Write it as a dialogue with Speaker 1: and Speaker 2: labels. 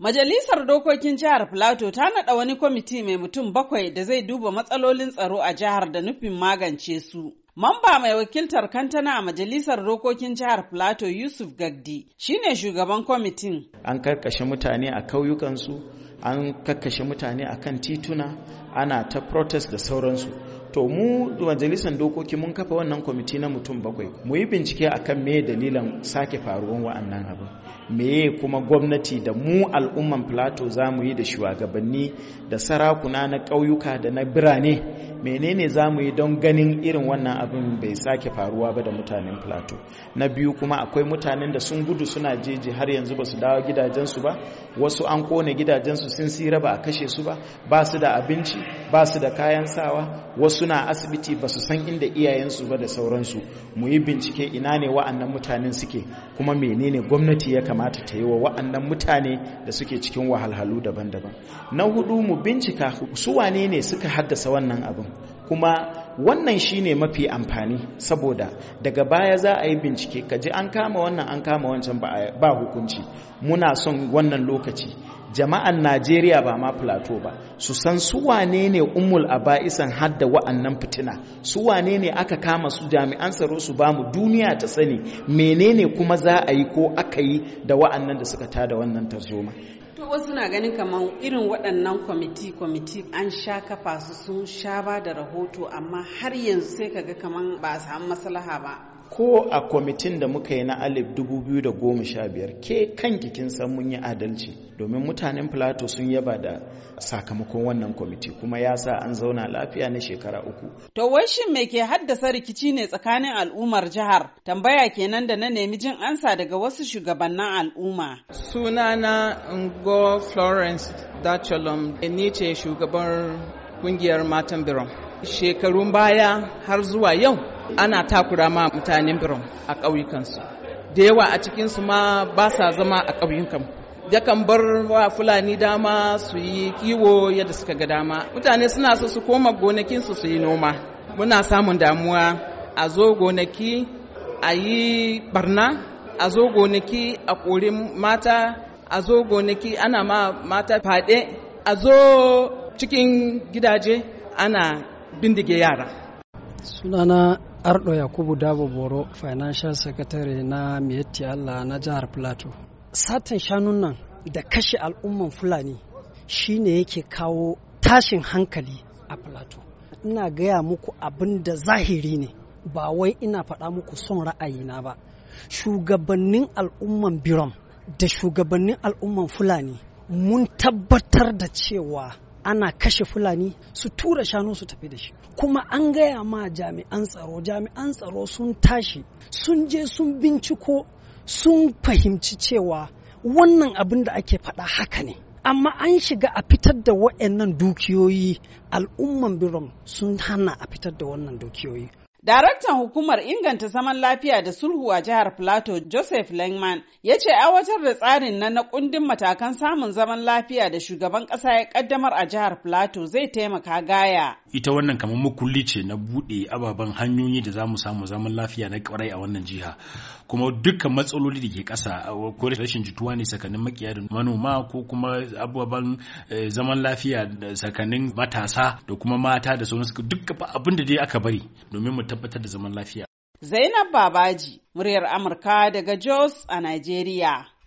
Speaker 1: Majalisar Dokokin Jihar Filato ta naɗa wani kwamiti mai mutum bakwai da zai duba matsalolin tsaro a jihar da nufin magance su. Mamba mai wakiltar kantana a Majalisar Dokokin Jihar Filato Yusuf Gagdi shine shugaban kwamitin.
Speaker 2: An karkashe mutane a kauyukansu, an karkashe mutane a kan tituna, ana ta protest da sauransu. to mu majalisar dokoki mun kafa wannan kwamiti na mutum bakwai mu yi bincike akan me dalilan sake faruwan wa'annan abin meye kuma gwamnati da mu al'umman plato za mu yi da shugabanni da sarakuna na ƙauyuka da na birane menene za mu yi don ganin irin wannan abin bai sake faruwa ba da mutanen plato na biyu kuma akwai mutanen da sun gudu suna jeji har yanzu ba su dawo gidajensu ba wasu an kone gidajensu sun sira ba a kashe su ba ba su da abinci ba su da kayan sawa wasu na asibiti ba su san inda iyayensu ba da sauransu mu yi bincike ina ne wa'annan mutanen suke kuma menene gwamnati ya kamata ta yi wa wa'annan mutane da suke cikin wahalhalu daban-daban na hudu mu bincika su wane ne suka haddasa wannan abin kuma wannan shine mafi amfani saboda daga baya za a yi bincike kaji an kama wannan an kama wancan ba hukunci muna son wannan lokaci jama'an najeriya ba ma plateau ba su san su wane ne a aba'isan hadda wa'annan fitina su wane ne aka kama su jami'an tsaro su ba mu duniya ta sani menene kuma za a yi ko aka yi da wa'annan da suka tada wannan tarzoma
Speaker 1: To wasu na ganin kamar irin waɗannan kwamiti kwamiti an sha kafa su sun sha ba da rahoto amma har yanzu sai kaga kamar ba a samu maslaha ba. ko
Speaker 2: a kwamitin da muka yi na alif 2015 ke kanki kin san mun yi adalci domin mutanen plato sun yaba da sakamakon wannan kwamiti kuma ya sa an zauna lafiya na shekara uku.
Speaker 1: To wai shin me ke haddasa rikici ne tsakanin al'ummar jihar tambaya kenan da na nemi jin ansa daga wasu shugabannin al'umma. Sunana
Speaker 3: Ngo Florence Dacholom ni ce shugaban kungiyar matan Biron. Shekarun baya har zuwa yau ana takura ma mutanen birnin a ƙauyukansu da yawa a cikinsu ma ba sa zama a ƙauyukan yakan bar wa fulani dama su yi kiwo yadda suka ga dama mutane suna so su koma gonakinsu su yi noma muna samun damuwa a zo gonaki a yi barna a zo gonaki a kori mata a zo gonaki ana ma mata fade a zo cikin gidaje ana bindige yara
Speaker 4: sunana ardo yakubu dabo boro financial secretary na miyatti allah na jihar plateau satin shanun nan da kashe al'umman fulani shine yake kawo tashin hankali a plateau ina gaya muku abin da zahiri ne ba wai ina faɗa muku son ra'ayina ba shugabannin al'umman birom da shugabannin al'umman fulani mun tabbatar da cewa ana kashe fulani su tura shanu su tafi da shi kuma an gaya ma jami'an tsaro jami'an tsaro sun tashi sun je sun binciko sun fahimci cewa wannan abin da ake faɗa haka ne amma an shiga a fitar da waɗannan dukiyoyi al'umman biron sun hana a fitar da wannan dukiyoyi
Speaker 1: Daraktan hukumar inganta zaman lafiya da sulhu a jihar Plateau Joseph Langman ya ce aiwatar da tsarin na na kundin matakan samun zaman lafiya da shugaban kasa ya kaddamar a jihar Plateau zai taimaka gaya.
Speaker 2: Ita wannan kamar makulli ce na buɗe ababen hanyoyi da za mu samu zaman lafiya na kwarai a wannan jiha. Kuma dukkan matsaloli da ke kasa ko rashin jituwa ne tsakanin makiya da manoma ko kuma ababen eh, zaman lafiya tsakanin matasa da kuma mata da sauransu duk abin da dai aka bari domin mu tabbatar da zaman lafiya.
Speaker 1: Zainab Babaji, muryar Amurka daga Jos a Najeriya.